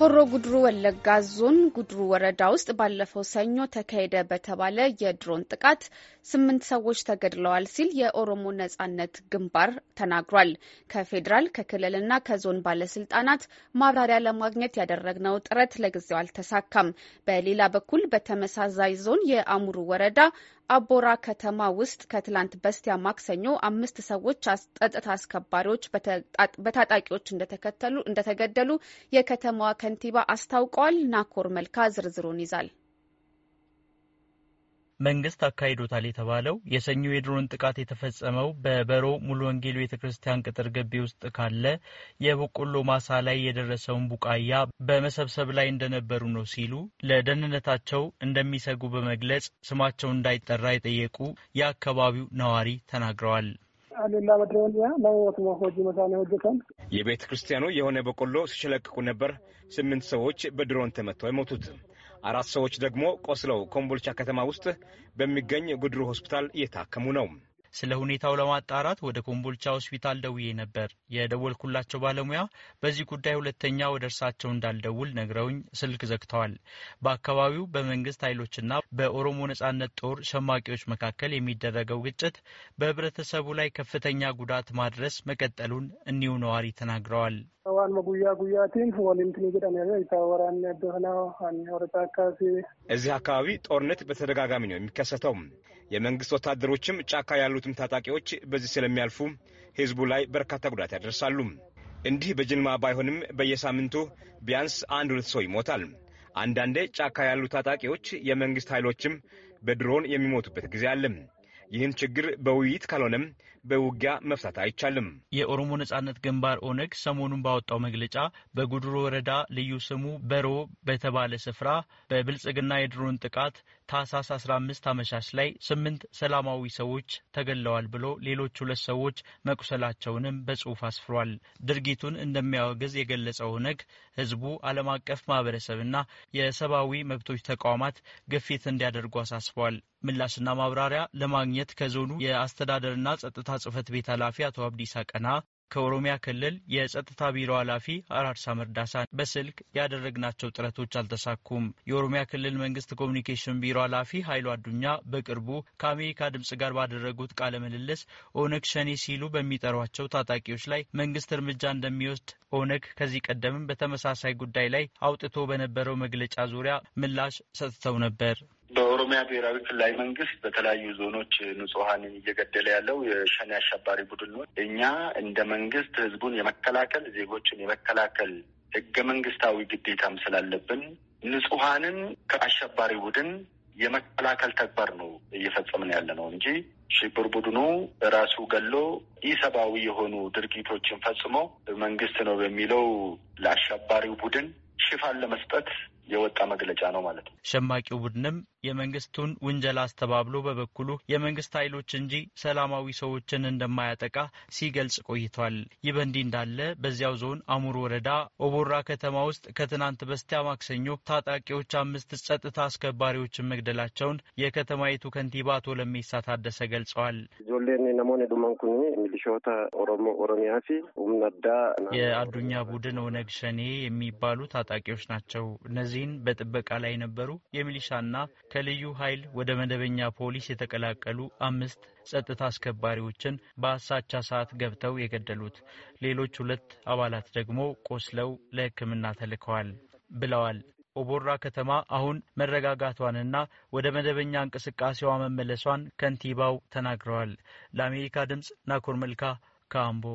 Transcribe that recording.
ሆሮ ጉድሩ ወለጋ ዞን ጉድሩ ወረዳ ውስጥ ባለፈው ሰኞ ተካሄደ በተባለ የድሮን ጥቃት ስምንት ሰዎች ተገድለዋል ሲል የኦሮሞ ነጻነት ግንባር ተናግሯል። ከፌዴራል ከክልልና ከዞን ባለስልጣናት ማብራሪያ ለማግኘት ያደረግነው ጥረት ለጊዜው አልተሳካም። በሌላ በኩል በተመሳሳይ ዞን የአሙሩ ወረዳ አቦራ ከተማ ውስጥ ከትላንት በስቲያ ማክሰኞ አምስት ሰዎች ጸጥታ አስከባሪዎች በታጣቂዎች እንደተገደሉ የከተማዋ ከንቲባ አስታውቀዋል። ናኮር መልካ ዝርዝሩን ይዛል። መንግስት አካሂዶታል የተባለው የሰኞ የድሮን ጥቃት የተፈጸመው በበሮ ሙሉ ወንጌል ቤተ ክርስቲያን ቅጥር ግቢ ውስጥ ካለ የበቆሎ ማሳ ላይ የደረሰውን ቡቃያ በመሰብሰብ ላይ እንደነበሩ ነው ሲሉ ለደህንነታቸው እንደሚሰጉ በመግለጽ ስማቸው እንዳይጠራ የጠየቁ የአካባቢው ነዋሪ ተናግረዋል። የቤተ ክርስቲያኑ የሆነ በቆሎ ሲሸለቅቁ ነበር። ስምንት ሰዎች በድሮን ተመተው የሞቱት አራት ሰዎች ደግሞ ቆስለው ኮምቦልቻ ከተማ ውስጥ በሚገኝ ጉድሩ ሆስፒታል እየታከሙ ነው። ስለ ሁኔታው ለማጣራት ወደ ኮምቦልቻ ሆስፒታል ደውዬ ነበር። የደወልኩላቸው ባለሙያ በዚህ ጉዳይ ሁለተኛ ወደ እርሳቸው እንዳልደውል ነግረውኝ ስልክ ዘግተዋል። በአካባቢው በመንግስት ኃይሎችና በኦሮሞ ነጻነት ጦር ሸማቂዎች መካከል የሚደረገው ግጭት በህብረተሰቡ ላይ ከፍተኛ ጉዳት ማድረስ መቀጠሉን እኒው ነዋሪ ተናግረዋል። እዚህ አካባቢ ጦርነት በተደጋጋሚ ነው የሚከሰተው። የመንግስት ወታደሮችም ጫካ ያሉትም ታጣቂዎች በዚህ ስለሚያልፉ ህዝቡ ላይ በርካታ ጉዳት ያደርሳሉ። እንዲህ በጅልማ ባይሆንም በየሳምንቱ ቢያንስ አንድ ሁለት ሰው ይሞታል። አንዳንዴ ጫካ ያሉ ታጣቂዎች የመንግስት ኃይሎችም በድሮን የሚሞቱበት ጊዜ አለም። ይህን ችግር በውይይት ካልሆነም በውጊያ መፍታት አይቻልም። የኦሮሞ ነጻነት ግንባር ኦነግ ሰሞኑን ባወጣው መግለጫ በጉድሮ ወረዳ ልዩ ስሙ በሮ በተባለ ስፍራ በብልጽግና የድሮን ጥቃት ታህሳስ 15 አመሻሽ ላይ ስምንት ሰላማዊ ሰዎች ተገለዋል ብሎ ሌሎች ሁለት ሰዎች መቁሰላቸውንም በጽሁፍ አስፍሯል። ድርጊቱን እንደሚያወግዝ የገለጸው ኦነግ ህዝቡ ዓለም አቀፍ ማህበረሰብና የሰብአዊ መብቶች ተቋማት ግፊት እንዲያደርጉ አሳስቧል። ምላሽና ማብራሪያ ለማግኘት ከዞኑ የአስተዳደርና ጸጥታ ጽህፈት ቤት ኃላፊ አቶ አብዲሳ ቀና ከኦሮሚያ ክልል የጸጥታ ቢሮ ኃላፊ አራርሳ መርዳሳን በስልክ ያደረግናቸው ጥረቶች አልተሳኩም። የኦሮሚያ ክልል መንግስት ኮሚኒኬሽን ቢሮ ኃላፊ ኃይሉ አዱኛ በቅርቡ ከአሜሪካ ድምጽ ጋር ባደረጉት ቃለ ምልልስ ኦነግ ሸኔ ሲሉ በሚጠሯቸው ታጣቂዎች ላይ መንግስት እርምጃ እንደሚወስድ ኦነግ ከዚህ ቀደምም በተመሳሳይ ጉዳይ ላይ አውጥቶ በነበረው መግለጫ ዙሪያ ምላሽ ሰጥተው ነበር። በኦሮሚያ ብሔራዊ ክልላዊ መንግስት በተለያዩ ዞኖች ንጹሀንን እየገደለ ያለው የሸኔ አሸባሪ ቡድን ነው። እኛ እንደ መንግስት ህዝቡን የመከላከል ዜጎችን የመከላከል ህገ መንግስታዊ ግዴታም ስላለብን ንጹሀንን ከአሸባሪ ቡድን የመከላከል ተግባር ነው እየፈጸምን ያለ ነው እንጂ ሽብር ቡድኑ ራሱ ገሎ ኢሰብአዊ የሆኑ ድርጊቶችን ፈጽሞ መንግስት ነው በሚለው ለአሸባሪው ቡድን ሽፋን ለመስጠት የወጣ መግለጫ ነው ማለት ነው። ሸማቂው ቡድንም የመንግስቱን ውንጀላ አስተባብሎ በበኩሉ የመንግስት ኃይሎች እንጂ ሰላማዊ ሰዎችን እንደማያጠቃ ሲገልጽ ቆይቷል። ይህ በእንዲህ እንዳለ በዚያው ዞን አሙር ወረዳ ኦቦራ ከተማ ውስጥ ከትናንት በስቲያ ማክሰኞ ታጣቂዎች አምስት ጸጥታ አስከባሪዎችን መግደላቸውን የከተማይቱ ከንቲባ አቶ ለሜሳ ታደሰ ገልጸዋል። የአዱኛ ቡድን ኦነግ ሸኔ የሚባሉ ታጣቂዎች ናቸው። እነዚህን በጥበቃ ላይ ነበሩ የሚሊሻና ከልዩ ኃይል ወደ መደበኛ ፖሊስ የተቀላቀሉ አምስት ጸጥታ አስከባሪዎችን በአሳቻ ሰዓት ገብተው የገደሉት፣ ሌሎች ሁለት አባላት ደግሞ ቆስለው ለሕክምና ተልከዋል ብለዋል። ኦቦራ ከተማ አሁን መረጋጋቷንና ወደ መደበኛ እንቅስቃሴዋ መመለሷን ከንቲባው ተናግረዋል። ለአሜሪካ ድምፅ ናኮር መልካ ካምቦ